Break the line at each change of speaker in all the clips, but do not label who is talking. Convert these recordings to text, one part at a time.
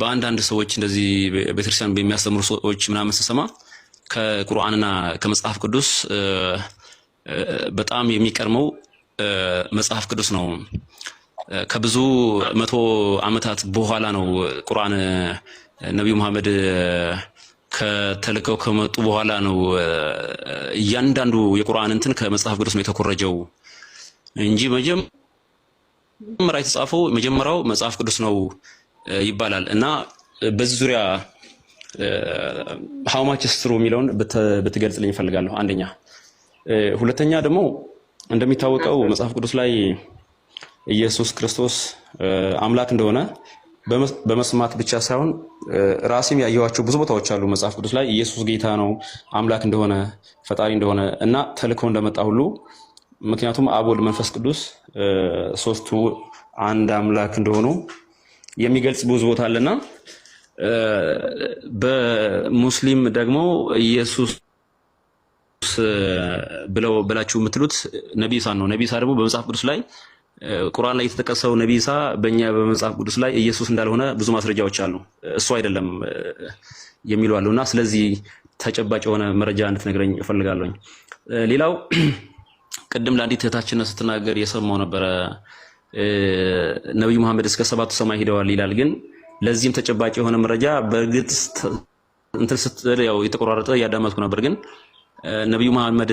በአንዳንድ ሰዎች እንደዚህ ቤተክርስቲያን በሚያስተምሩ ሰዎች ምናምን ስሰማ ከቁርአንና ከመጽሐፍ ቅዱስ በጣም የሚቀርመው መጽሐፍ ቅዱስ ነው። ከብዙ መቶ ዓመታት በኋላ ነው ቁርአን ነቢዩ መሐመድ ከተልከው ከመጡ በኋላ ነው እያንዳንዱ የቁርአን እንትን ከመጽሐፍ ቅዱስ ነው የተኮረጀው እንጂ መጀመሪያ የተጻፈው መጀመሪያው መጽሐፍ ቅዱስ ነው። ይባላል እና በዚህ ዙሪያ ሀውማች ስትሩ የሚለውን ብትገልጽልኝ እፈልጋለሁ። አንደኛ። ሁለተኛ ደግሞ እንደሚታወቀው መጽሐፍ ቅዱስ ላይ ኢየሱስ ክርስቶስ አምላክ እንደሆነ በመስማት ብቻ ሳይሆን ራሴም ያየኋቸው ብዙ ቦታዎች አሉ መጽሐፍ ቅዱስ ላይ ኢየሱስ ጌታ ነው፣ አምላክ እንደሆነ፣ ፈጣሪ እንደሆነ እና ተልኮ እንደመጣ ሁሉ ምክንያቱም አብ፣ ወልድ፣ መንፈስ ቅዱስ ሶስቱ አንድ አምላክ እንደሆኑ የሚገልጽ ብዙ ቦታ አለና በሙስሊም ደግሞ ኢየሱስ ብለው ብላችሁ የምትሉት ነቢሳ ኢሳን ነው። ነቢ ደግሞ በመጽሐፍ ቅዱስ ላይ ቁርአን ላይ የተጠቀሰው ነቢ ኢሳ በእኛ በመጽሐፍ ቅዱስ ላይ ኢየሱስ እንዳልሆነ ብዙ ማስረጃዎች አሉ። እሱ አይደለም የሚሉ አሉ እና ስለዚህ ተጨባጭ የሆነ መረጃ እንድትነግረኝ እፈልጋለሁኝ። ሌላው ቅድም ለአንዲት እህታችን ስትናገር የሰማው ነበረ ነቢዩ መሐመድ እስከ ሰባቱ ሰማይ ሂደዋል ይላል። ግን ለዚህም ተጨባጭ የሆነ መረጃ በእርግጥ እንትን ስትል ያው የተቆራረጠ እያዳመጥኩ ነበር። ግን ነቢዩ መሐመድ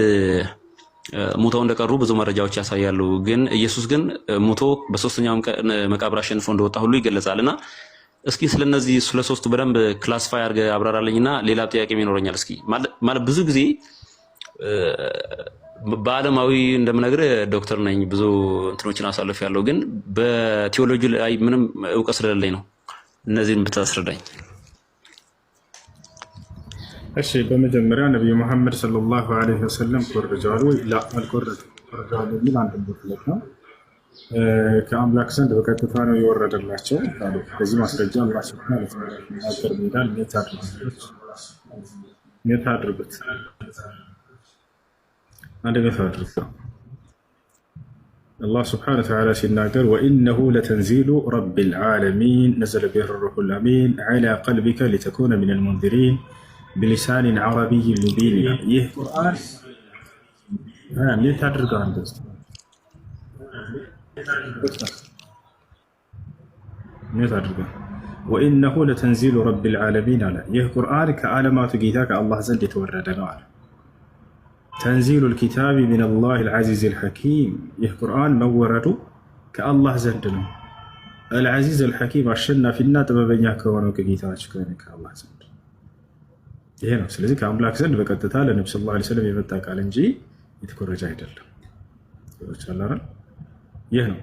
ሙተው እንደቀሩ ብዙ መረጃዎች ያሳያሉ። ግን ኢየሱስ ግን ሙቶ በሶስተኛው መቃብር አሸንፎ እንደወጣ ሁሉ ይገለጻል እና እስኪ ስለነዚህ ስለሶስቱ በደንብ ክላስፋይ አድርገህ አብራራለኝና ሌላ ጥያቄም ይኖረኛል። እስኪ ማለት ብዙ ጊዜ በአለማዊ እንደምነግርህ ዶክተር ነኝ። ብዙ እንትኖችን አሳልፍ ያለው ግን በቴዎሎጂ ላይ ምንም እውቀት ስለሌለኝ ነው። እነዚህን ብታስረዳኝ።
እሺ፣ በመጀመሪያ ነቢዩ መሐመድ ሰለላሁ ዐለይሂ ወሰለም ኮርጃሉ ወይ? ላ አልኮረጀም። የሚል አንድ ቦትለት ነው። ከአምላክ ዘንድ በቀጥታ ነው የወረደላቸው። በዚህ ማስረጃ ማለት ነው። ሚናገር አድርጉት നല്ല കഥ الله سبحانه وتعالى سيدنا قال وإنه لتنزيل رب العالمين نزل به الروح الأمين على قلبك لتكون من المنذرين بلسان عربي مبين يه إيه. قرآن نعم يه تعدر قرآن وإنه لتنزيل رب العالمين على يه قرآن كعالمات قيتاك الله زلت توردنا على ተንዚሉል ኪታቢ ሚነላሂል ዓዚዚል ሐኪም ይህ ቁርአን መወረዱ ከአላህ ዘንድ ነው። አልዓዚዝ አልሐኪም አሸናፊና ጥበበኛ ከሆነው ከጌታችን ከአላህ ዘንድ ይሄ ነው። ስለዚህ ከአምላክ ዘንድ በቀጥታ ለነብዩ ሰለላሁ ዐለይሂ ወሰለም የመጣ ቃል እንጂ የተኮረጀ አይደለም። ይህ ነው።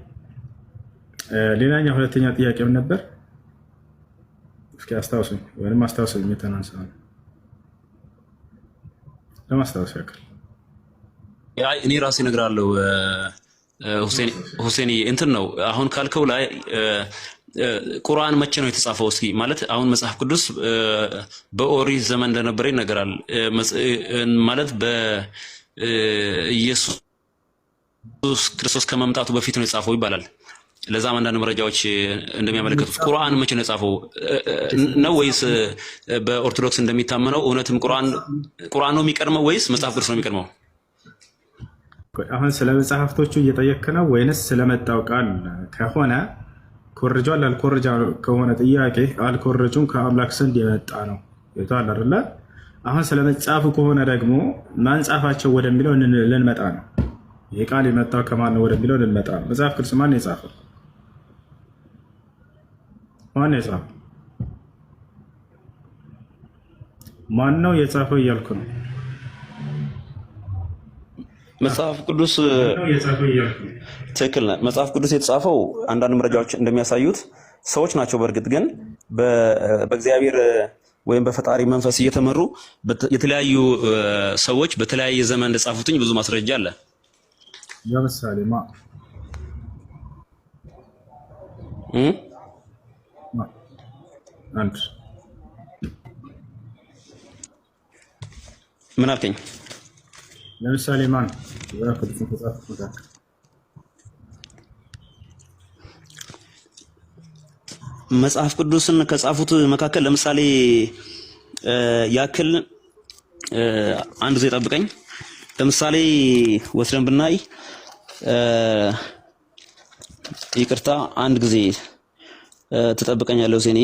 ሌላኛ ሁለተኛ ጥያቄ ነበር? እስኪ አስታውሱኝ፣ ወይም አስታውሱኝ የተናንሳ ለማስታወስ ያክል
እኔ ራሴ እነግርሃለሁ ሁሴን እንትን ነው አሁን ካልከው ላይ ቁርአን መቼ ነው የተጻፈው? እስኪ ማለት አሁን መጽሐፍ ቅዱስ በኦሪት ዘመን እንደነበረ ይነገራል። ማለት በኢየሱስ ክርስቶስ ከመምጣቱ በፊት ነው የተጻፈው ይባላል። ለዛም አንዳንድ መረጃዎች እንደሚያመለክቱት ቁርአን መቼ ነው የጻፈው ነው ወይስ በኦርቶዶክስ እንደሚታመነው እውነትም ቁርአን ነው የሚቀድመው ወይስ መጽሐፍ ቅዱስ ነው የሚቀድመው?
አሁን ስለ መጽሐፍቶቹ እየጠየክ ነው ወይንስ ስለመጣው ቃል ከሆነ ኮርጇል አልኮርጃ ከሆነ ጥያቄ አልኮርጁም ከአምላክ ዘንድ የመጣ ነው ይቷል አይደለ አሁን ስለ መጽሐፉ ከሆነ ደግሞ ማንጻፋቸው ወደሚለው ልንመጣ ነው ይህ ቃል የመጣው ከማን ነው ወደሚለው ልንመጣ ነው መጽሐፍ ቅዱስ ማን የጻፈ ማን የጻፈ ማን ነው የጻፈው እያልኩ ነው
መጽሐፍ ቅዱስ ትክክል ነህ። መጽሐፍ ቅዱስ የተጻፈው አንዳንድ መረጃዎች እንደሚያሳዩት ሰዎች ናቸው። በእርግጥ ግን በእግዚአብሔር ወይም በፈጣሪ መንፈስ እየተመሩ የተለያዩ ሰዎች በተለያየ ዘመን እንደጻፉትኝ ብዙ ማስረጃ አለ።
ለምሳሌ ማ ምን አልከኝ? ለምሳሌ ማን
መጽሐፍ ቅዱስን ከጻፉት መካከል ለምሳሌ ያክል አንድ ጊዜ ጠብቀኝ። ለምሳሌ ወስደን ብናይ ይቅርታ፣ አንድ ጊዜ ትጠብቀኛለሁ ዜኔ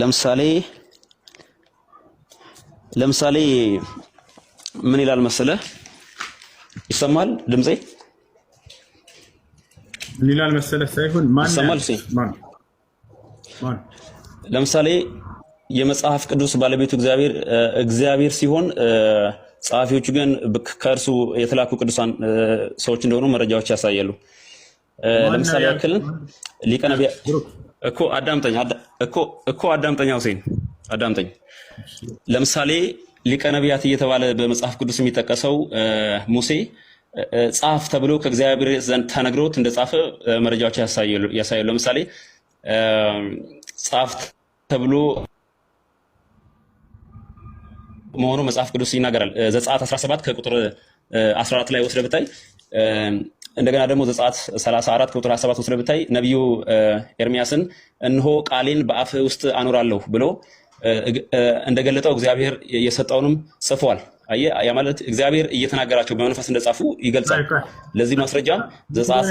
ለምሳሌ ለምሳሌ ምን ይላል መሰለ፣ ይሰማል ድምጼ?
ምን ይላል መሰለ ሳይሆን
ማን ይሰማል? ለምሳሌ የመጽሐፍ ቅዱስ ባለቤቱ እግዚአብሔር እግዚአብሔር ሲሆን ጸሐፊዎቹ ግን ከእርሱ የተላኩ ቅዱሳን ሰዎች እንደሆኑ መረጃዎች ያሳያሉ። ለምሳሌ ያክል ሊቀ ነቢያት እኮ አዳምጠኝ እኮ እኮ አዳምጠኝ ሁሴን አዳምጠኝ። ለምሳሌ ሊቀ ነቢያት እየተባለ በመጽሐፍ ቅዱስ የሚጠቀሰው ሙሴ ጻፍ ተብሎ ከእግዚአብሔር ዘንድ ተነግሮት እንደጻፈ መረጃዎች ያሳያሉ። ለምሳሌ ጻፍ ተብሎ መሆኑ መጽሐፍ ቅዱስ ይናገራል። ዘጸአት 17 ከቁጥር 14 ላይ ወስደ ብታይ እንደገና ደግሞ ዘጸአት 34 ቁጥር 17 ውስጥ ብታይ ነቢዩ ኤርሚያስን እንሆ ቃሌን በአፍ ውስጥ አኖራለሁ ብሎ እንደገለጠው እግዚአብሔር የሰጠውንም ጽፏል። አየህ፣ ያ ማለት እግዚአብሔር እየተናገራቸው በመንፈስ እንደጻፉ ይገልጻል። ለዚህ ማስረጃ ዘጸአት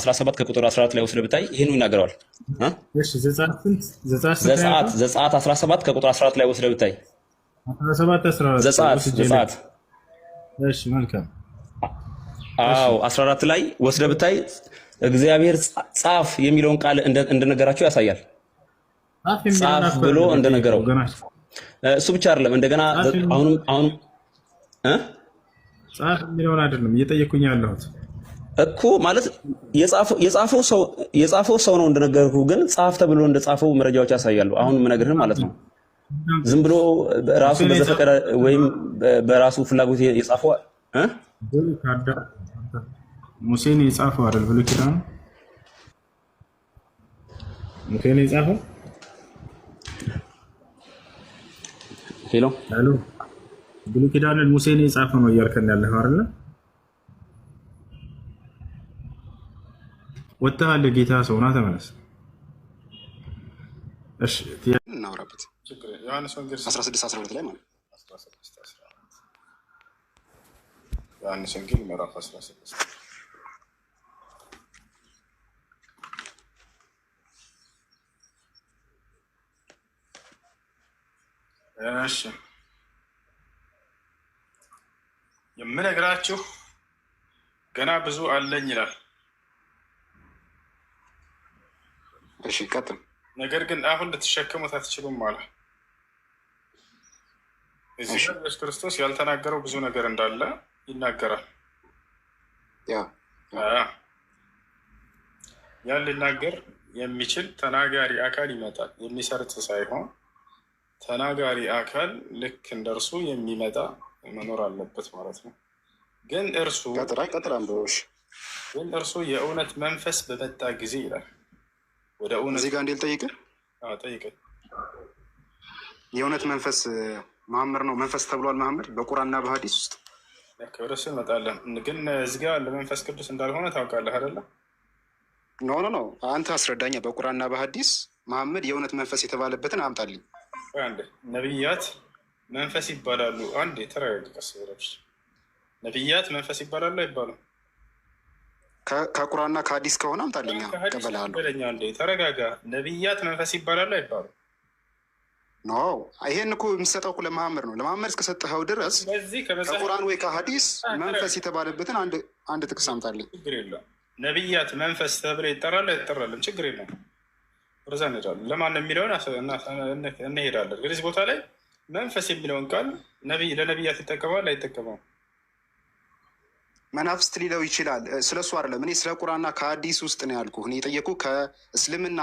17 ከቁጥር 14 ላይ ወስደህ ብታይ ይህን ይናገረዋል። ዘጸአት ዘጸአት 17 ከቁጥር 14 ላይ ወስደህ ብታይ ዘጸአት ዘጸአት አዎ 14 ላይ ወስደ ብታይ እግዚአብሔር ጻፍ የሚለውን ቃል እንደነገራቸው ያሳያል። ጻፍ ብሎ እንደነገረው እሱ ብቻ አይደለም። እንደገና አሁንም አሁንም
ጻፍ የሚለውን አይደለም እየጠየኩኝ ያለሁት
እኮ ማለት የጻፈው ሰው ነው እንደነገርኩ፣ ግን ጻፍ ተብሎ እንደጻፈው መረጃዎች ያሳያሉ። አሁን የምነግርህን ማለት ነው። ዝም ብሎ ራሱ በዘፈቀደ ወይም በራሱ ፍላጎት የጻፈው
ሙሴን የጻፈው አይደል? ብሉይ ኪዳኑ ሙሴን የጻፈው ሄሎ ሄሎ፣ ብሉይ ኪዳኑን ሙሴን የጻፈው ነው እያልከን ያለኸው አይደለ? ወጥተሃል። ጌታ ሰው ና ተመለስ። እሺ፣ እናውራበት። ዮሐንስ ወንጌል
16 12 ላይ ማለት
ዮሐንስ ወንጌል ምዕራፍ 16 እሺ የምነግራችሁ ገና ብዙ አለኝ ይላል። እሺ ቀጥል። ነገር ግን አሁን ልትሸከሙት አትችሉም አለ። እዚህ ኢየሱስ ክርስቶስ ያልተናገረው ብዙ ነገር እንዳለ ይናገራል። ያን ሊናገር የሚችል ተናጋሪ አካል ይመጣል። የሚሰርት ሳይሆን ተናጋሪ አካል ልክ እንደ እርሱ የሚመጣ መኖር አለበት ማለት ነው። ግን እርሱ ግን እርሱ የእውነት መንፈስ በመጣ ጊዜ ይላል
ወደ እውነት እዚህ ጋር እንዴት ጠይቅ ጠይቅ የእውነት መንፈስ መሐመድ ነው። መንፈስ ተብሏል መሐመድ በቁርአንና በሀዲስ ውስጥ
ክብር እሱ እንመጣለን። ግን እዚህ ጋ ለመንፈስ ቅዱስ እንዳልሆነ ታውቃለህ አይደለ?
ኖ ኖ ኖ፣ አንተ አስረዳኛ። በቁራና በሀዲስ መሐመድ የእውነት መንፈስ የተባለበትን አምጣልኝ።
አንዴ ነቢያት መንፈስ ይባላሉ። አንዴ ተረጋግጠ ስረች ነቢያት መንፈስ ይባላሉ አይባሉም?
ከቁራና ከሀዲስ ከሆነ አምጣልኛ እቀበላለሁ።
ተረጋጋ። ነቢያት መንፈስ ይባላሉ አይባሉም?
ኖ ይሄን እኮ የምሰጠው እኮ ለመሐመድ ነው። ለመሐመድ እስከሰጠኸው ድረስ ከቁርአን ወይ ከሀዲስ መንፈስ የተባለበትን አንድ ጥቅስ አምጣልኝ።
ነቢያት መንፈስ ተብለ ይጠራል አይጠራልም? ችግር የለም። ወደዛ እንሄዳለን። ለማን የሚለውን እንሄዳለን። ግን ቦታ ላይ መንፈስ የሚለውን ቃል ለነቢያት ይጠቀማል አይጠቀመም?
መናፍስት ሊለው ይችላል። ስለሱ አይደለም እኔ ስለ ቁርአንና ከሀዲስ ውስጥ ነው ያልኩህ። እኔ የጠየኩህ ከእስልምና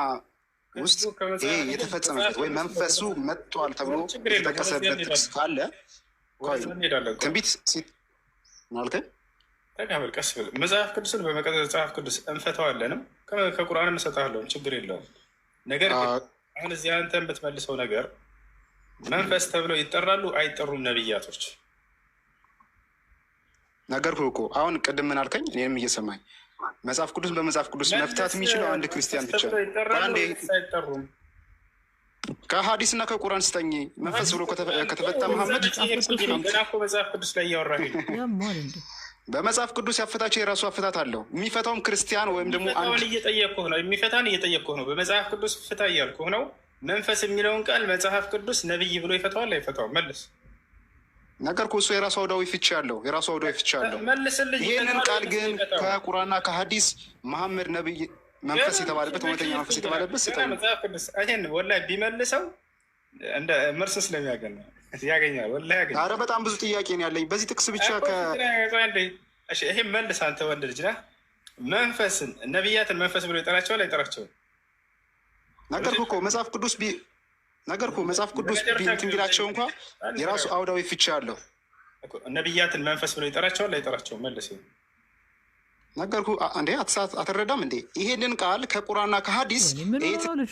ውስጥ ይሄ የተፈጸመበት ወይም መንፈሱ መጥቷል ተብሎ የተጠቀሰበት ጥቅስ ካለ ትንቢት ማለት
ተቀበል፣ ቀስ ብል መጽሐፍ ቅዱስን በመቀጠል መጽሐፍ ቅዱስ እንፈተዋለንም ከቁርአን እሰጥሃለሁም ችግር የለውም። ነገር ግን አሁን እዚህ አንተ የምትመልሰው ነገር መንፈስ ተብለው ይጠራሉ አይጠሩም? ነብያቶች?
ነገርኩህ እኮ አሁን ቅድም ምን አልከኝ? እኔንም እየሰማኝ መጽሐፍ ቅዱስ በመጽሐፍ ቅዱስ መፍታት የሚችለው አንድ ክርስቲያን ብቻ ነው። ከሀዲስ እና ከቁራን ስጠኝ መንፈስ ብሎ ከተፈታ መሐመድ በመጽሐፍ ቅዱስ ያፈታቸው የራሱ አፈታት አለው። የሚፈታውም ክርስቲያን ወይም ደግሞ
እየጠየቅኩህ ነው። የሚፈታን እየጠየቅኩህ ነው። በመጽሐፍ ቅዱስ ፍታ እያልኩህ ነው። መንፈስ የሚለውን ቃል መጽሐፍ ቅዱስ ነብይ ብሎ ይፈታዋል አይፈታውም? መልስ
ነገር እኮ እሱ የራሱ አውዳዊ ፍቺ ያለው የራሱ አውዳዊ ፍቺ ያለው። ይህንን ቃል ግን ከቁራና ከሀዲስ መሐመድ ነብይ መንፈስ የተባለበት እውነተኛ መንፈስ የተባለበት
ስጠይን ወላሂ ቢመልሰው እንደ መልስ ስለሚያገኝ ያገኛል። ወላሂ ያገኛል።
ኧረ በጣም ብዙ ጥያቄ ነው ያለኝ በዚህ ጥቅስ ብቻ።
ይሄ መልስ አንተ ወንድ ልጅ ነህ። መንፈስን ነቢያትን መንፈስ ብሎ ይጠራቸዋል አይጠራቸውም?
ነገር እኮ መጽሐፍ ቅዱስ ነገርኩ። መጽሐፍ ቅዱስ ቢንትን ቢላቸው እንኳ የራሱ አውዳዊ ፍቻ አለው።
ነቢያትን መንፈስ ብሎ ይጠራቸዋል አይጠራቸው? መለስ
ነገርኩ። እንዴ አትሳት አትረዳም እንዴ? ይሄንን ቃል ከቁራና ከሀዲስ ልጁ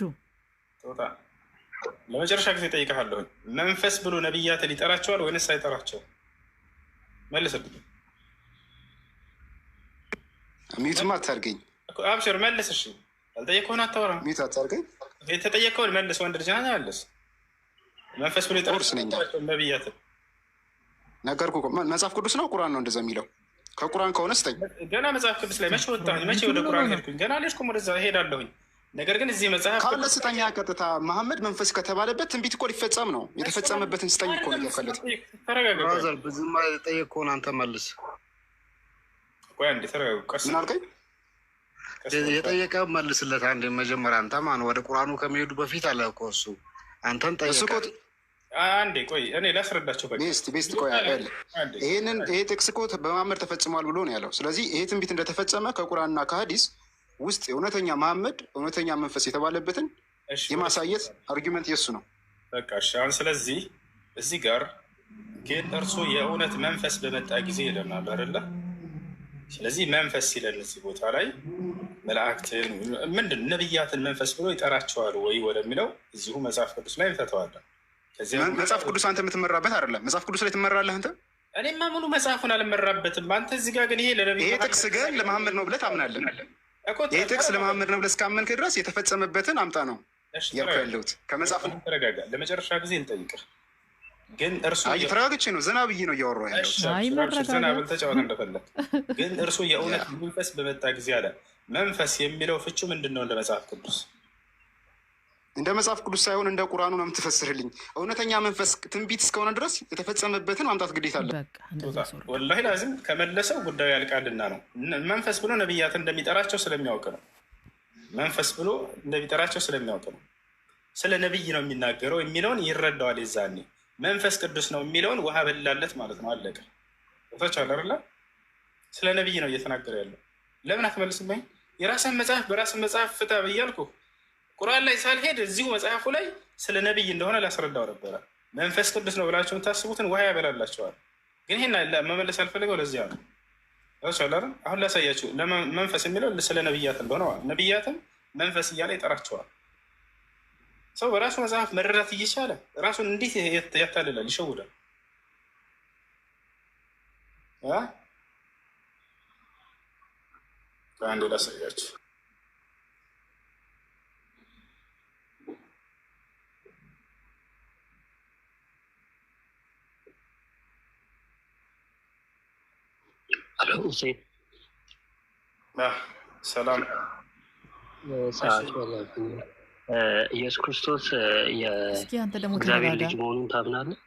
ለመጨረሻ ጊዜ ጠይቀሃለሁ። መንፈስ ብሎ ነቢያትን ይጠራቸዋል ወይንስ አይጠራቸው? መልስልኝ።
ሚዩትም አታርገኝ።
አብሽር መልስ። እሺ አልጠየቅኩህን አታወራም። ሚዩት አታርገኝ የተጠየቀውን መልስ ወንድ ልጅ ናት መንፈስ ብሎ ነብያት
ነገር መጽሐፍ ቅዱስ ነው ቁራን ነው እንደዛ የሚለው? ከቁራን ከሆነ ስጠኝ።
ገና መጽሐፍ ቅዱስ ላይ መቼ ወጣሁኝ? መቼ ወደ ቁራን ሄድኩኝ? ገና አልሄድኩም፣ ወደዛ ሄዳለሁኝ። ነገር ግን እዚህ መጽሐፍ
ካለ ስጠኛ። ቀጥታ መሐመድ መንፈስ ከተባለበት ትንቢት እኮ ሊፈጸም ነው። የተፈጸመበትን ስጠኝ እኮ ነው እያፈለት።
ተረጋጋ።
ብዙ ጠየቅ ከሆነ አንተ መልስ።
ቆይ አንዴ ተረጋጋ።
ምን አልከኝ? የጠየቀ መልስለት። አንድ መጀመሪያ አንተ ማን ወደ ቁርአኑ ከመሄዱ በፊት አለ እኮ እሱ አንተን ጠየቀ።
አንዴ ቆይ እኔ ላስረዳቸው።
ቤስት ቆይ ይህንን ይሄ ጥቅስ እኮ በመሐመድ ተፈጽሟል ብሎ ነው ያለው። ስለዚህ ይሄ ትንቢት እንደተፈጸመ ከቁርአንና ከሀዲስ ውስጥ እውነተኛ መሐመድ እውነተኛ መንፈስ የተባለበትን የማሳየት አርጊመንት የሱ ነው።
በቃ እሺ። አሁን ስለዚህ እዚህ ጋር ግን እርሱ የእውነት መንፈስ በመጣ ጊዜ ይለናል አይደለ? ስለዚህ መንፈስ ሲለን እዚህ ቦታ ላይ መላእክትን ምንድን ነቢያትን መንፈስ ብሎ ይጠራቸዋል ወይ ወደሚለው እዚሁ መጽሐፍ ቅዱስ ላይ ተተዋለን።
መጽሐፍ ቅዱስ አንተ የምትመራበት አይደለም። መጽሐፍ ቅዱስ ላይ ትመራለህ አንተ።
እኔማ ሙሉ መጽሐፉን አልመራበትም። አንተ እዚህ ጋር ግን ይሄ ለነቢይ
ይሄ ጥቅስ ግን ለመሐመድ ነው ብለህ ታምናለህ። ይሄ ጥቅስ ለመሐመድ ነው ብለህ እስካመንክ ድረስ የተፈጸመበትን አምጣ ነው ያልኩህ ያለሁት።
ከመጽሐፍ ተረጋጋ። ለመጨረሻ ጊዜ እንጠይቅህ ግን እርሱ
ተረጋግቼ ነው ዘና ብዬ ነው እያወራሁ
ያለሁት። ዘና ተጫወት እንደፈለግ። ግን እርሱ የእውነት መንፈስ በመጣ ጊዜ አለ መንፈስ የሚለው ፍቹ ምንድን ነው? እንደ መጽሐፍ ቅዱስ
እንደ መጽሐፍ ቅዱስ ሳይሆን እንደ ቁርአኑ ነው የምትፈስርልኝ። እውነተኛ መንፈስ ትንቢት እስከሆነ ድረስ የተፈጸመበትን ማምጣት ግዴታ አለ።
ወላሂ ላዚም ከመለሰው ጉዳዩ ያልቃልና ነው። መንፈስ ብሎ ነብያት እንደሚጠራቸው ስለሚያውቅ ነው። መንፈስ ብሎ እንደሚጠራቸው ስለሚያውቅ ነው። ስለ ነቢይ ነው የሚናገረው የሚለውን ይረዳዋል። የዛኔ መንፈስ ቅዱስ ነው የሚለውን ውሃ በላለት ማለት ነው። አለቀ። ቦታቸው አለርላ ስለ ነቢይ ነው እየተናገረ ያለው ለምን አትመልስልኝ? የራስን መጽሐፍ በራስን መጽሐፍ ፍታ ብያልኩ ቁርአን ላይ ሳልሄድ እዚሁ መጽሐፉ ላይ ስለ ነቢይ እንደሆነ ላስረዳው ነበረ። መንፈስ ቅዱስ ነው ብላቸው የምታስቡትን ውሃ ያበላላቸዋል። ግን ይህን መመለስ አልፈልገው ለዚያ ነው። አሁን ላሳያችሁ። መንፈስ የሚለው ስለ ነቢያት እንደሆነ ነቢያትም መንፈስ እያለ ይጠራቸዋል። ሰው በራሱ መጽሐፍ መረዳት እየቻለ ራሱን እንዴት ያታልላል? ይሸውዳል። በአንድ ላሳያችሁ። ሰላም
ኢየሱስ ክርስቶስ የእግዚአብሔር ልጅ መሆኑን ታምናለህ?